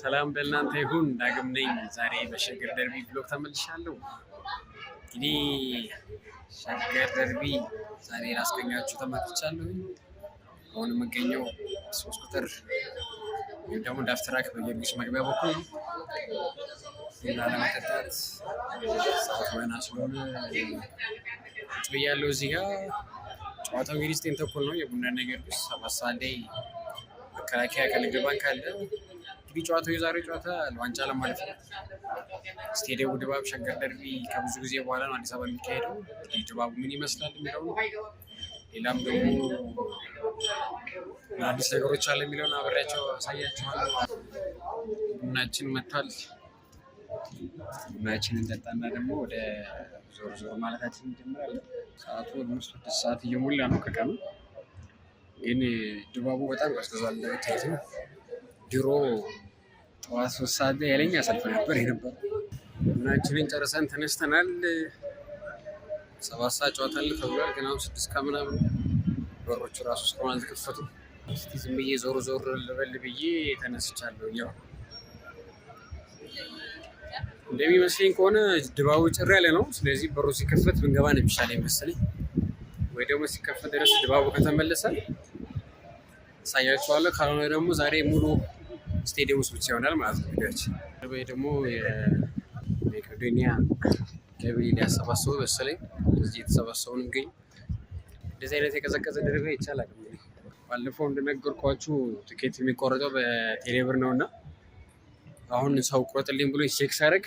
ሰላም በእናንተ ይሁን። ዳግም ነኝ። ዛሬ በሸገር ደርቢ ብሎክ ተመልሻለሁ። እንግዲህ ሸገር ደርቢ ዛሬ ላስገኛችሁ ተመልቻለሁ። አሁን የምገኘው ሶስት ቁጥር ወይም ደግሞ ዳፍትራክ በጊዮርጊስ መግቢያ በኩል ነው። ሌላ ለመጠጣት ሰዓት ወና ስለሆነ ቁጭ እዚህ ጋር ጨዋታው እንግዲህ ዘጠኝ ተኩል ነው። የቡና ነገር ውስጥ ሰባት ሰዓት ላይ መከላከያ ከንግድ ባንክ አለ ጨዋታው የዛሬ ጨዋታ ለዋንጫ ለማለፍ ነው። ስቴዲየሙ ድባብ ሸገር ደርቢ ከብዙ ጊዜ በኋላ ነው አዲስ አበባ የሚካሄደው። ድባቡ ምን ይመስላል የሚለው ሌላም ደግሞ አዲስ ነገሮች አለ የሚለውን አብሬያቸው አሳያቸዋለሁ። ቡናችን መጥቷል። ቡናችን እንጠጣና ደግሞ ወደ ዞር ዞር ማለታችን እንጀምራለን። ሰዓቱ ወደምስ ስድስት ሰዓት እየሞላ ነው ከቀኑ። ግን ድባቡ በጣም ቀዝቅዟል። እንደምታዩት ነው ድሮ ጠዋት ሶስት ሰዓት ላይ ያለኛ ሰልፍ ነበር የነበረ። ምናችንን ጨርሰን ተነስተናል። ሰባት ሰዓት ጨዋታ ተብሏል። ግን አሁን ስድስት ከምናምን በሮቹ ራሱ እስካሁን አልተከፈቱም። እስቲ ዝም ብዬ ዞር ዞር ልበል ብዬ ተነስቻለሁ። ያው እንደሚመስለኝ ከሆነ ድባቡ ጭር ያለ ነው። ስለዚህ በሩ ሲከፈት ብንገባ ነው የሚሻለኝ መሰለኝ፣ ወይ ደግሞ ሲከፈት ድረስ ድባቡ ከተመለሰ አሳያችኋለሁ። ካልሆነ ደግሞ ዛሬ ሙሉ ስቴዲየም ውስጥ ብቻ ይሆናል ማለት ነው። ቪዲዮችን ወይ ደግሞ የመቄዶኒያ ገቢ ሊያሰባስቡ መሰለኝ እዚህ የተሰባሰቡ እንገኝ። እንደዚህ አይነት የቀዘቀዘ ደረጃ ይቻላል። ባለፈው እንደነገርኳችሁ ትኬት የሚቆረጠው በቴሌብር ነው እና አሁን ሰው ቁረጥልኝ ብሎ ቼክ ሳደርግ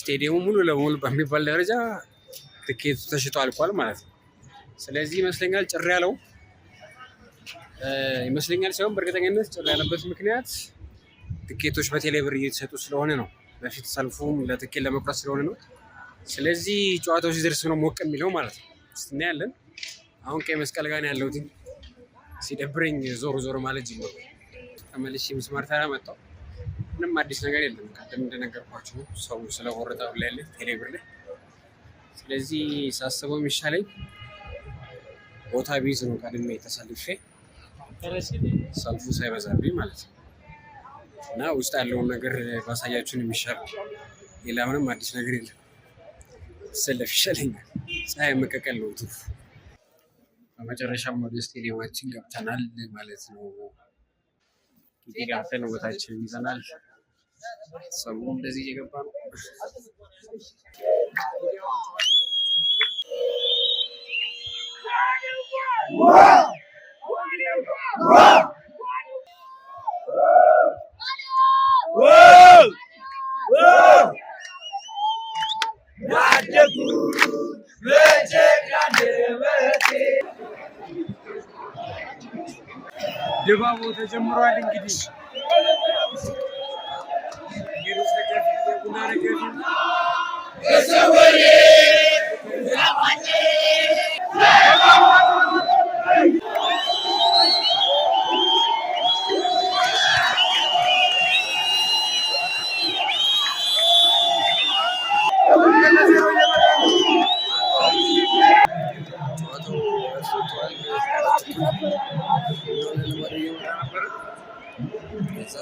ስቴዲየሙ ሙሉ ለሙሉ በሚባል ደረጃ ትኬቱ ተሽጦ አልቋል ማለት ነው። ስለዚህ ይመስለኛል ጭር ያለው ይመስለኛል ሳይሆን በእርግጠኝነት ጭር ያለበት ምክንያት ትኬቶች በቴሌ ብር እየተሰጡ ስለሆነ ነው። በፊት ሰልፉም ለትኬት ለመቁረጥ ስለሆነ ነው። ስለዚህ ጨዋታው ሲደርስ ነው ሞቅ የሚለው ማለት ነው። ስናያለን። ያለን አሁን ቀይ መስቀል ጋር ያለሁት ሲደብረኝ ዞሮ ዞሮ ማለት ጅምሩ ተመልሼ ምስማር ተራ መጣሁ። ምንም አዲስ ነገር የለም። ቀደም እንደነገርኳቸው ሰው ስለቆረጠ ላይ ያለ ቴሌ ብር ላይ ስለዚህ ሳስበው የሚሻለኝ ቦታ ቢዝ ነው ቀድሜ ተሰልፌ ሰልፉ ሳይበዛብኝ ማለት ነው። እና ውስጥ ያለውን ነገር ባሳያችሁን የሚሻል ሌላ ምንም አዲስ ነገር የለም። ሰለፍ ይሻለኛል። ፀሐይ መቀቀል ነው። ቱፍ በመጨረሻም ወደ ስቴዲየማችን ገብተናል ማለት ነው። ገብተን ቦታችን ይዘናል። ሰሙ እንደዚህ እየገባ ነው። ድባቡ ተጀምሯል። እንግዲህ ሩስ ተከፊ ጉዳረ ገፊ ከዛ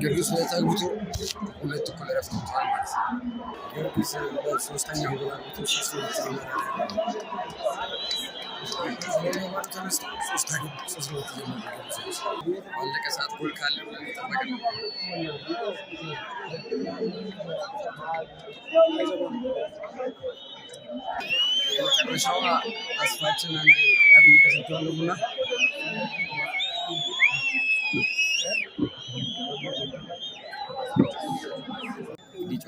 ጊዮርጊስ ሁለት አግብቶ ሁለት እኩል እረፍት ወጥተዋል ማለት ነው። ጊዮርጊስ ሶስተኛ ጎል አግብቶ ባለቀ ሰዓት ጎል ካለ ብለን የጠበቅን ነው። የመጨረሻዋ ተስፋችን አንድ ያግኝ ተሰጥቷል ቡና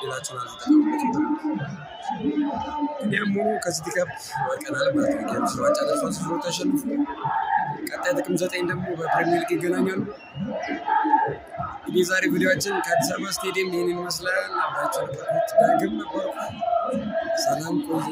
እድላችን አልተጠቀምበትም። ከሲቲ ካፕ ወድቀናል ማለት ነው። ዋንጫ ደርሷን ስፍሮ ተሸንፎ ቀጣይ ጥቅም ዘጠኝ ደግሞ በፕሪሚየር ሊግ ይገናኛሉ። እንግዲህ ዛሬ ቪዲዮችን ከአዲስ አበባ ስቴዲየም ይህን ይመስላል። አብራቸው ዳግም ነበርኩ። ሰላም ቆዩ።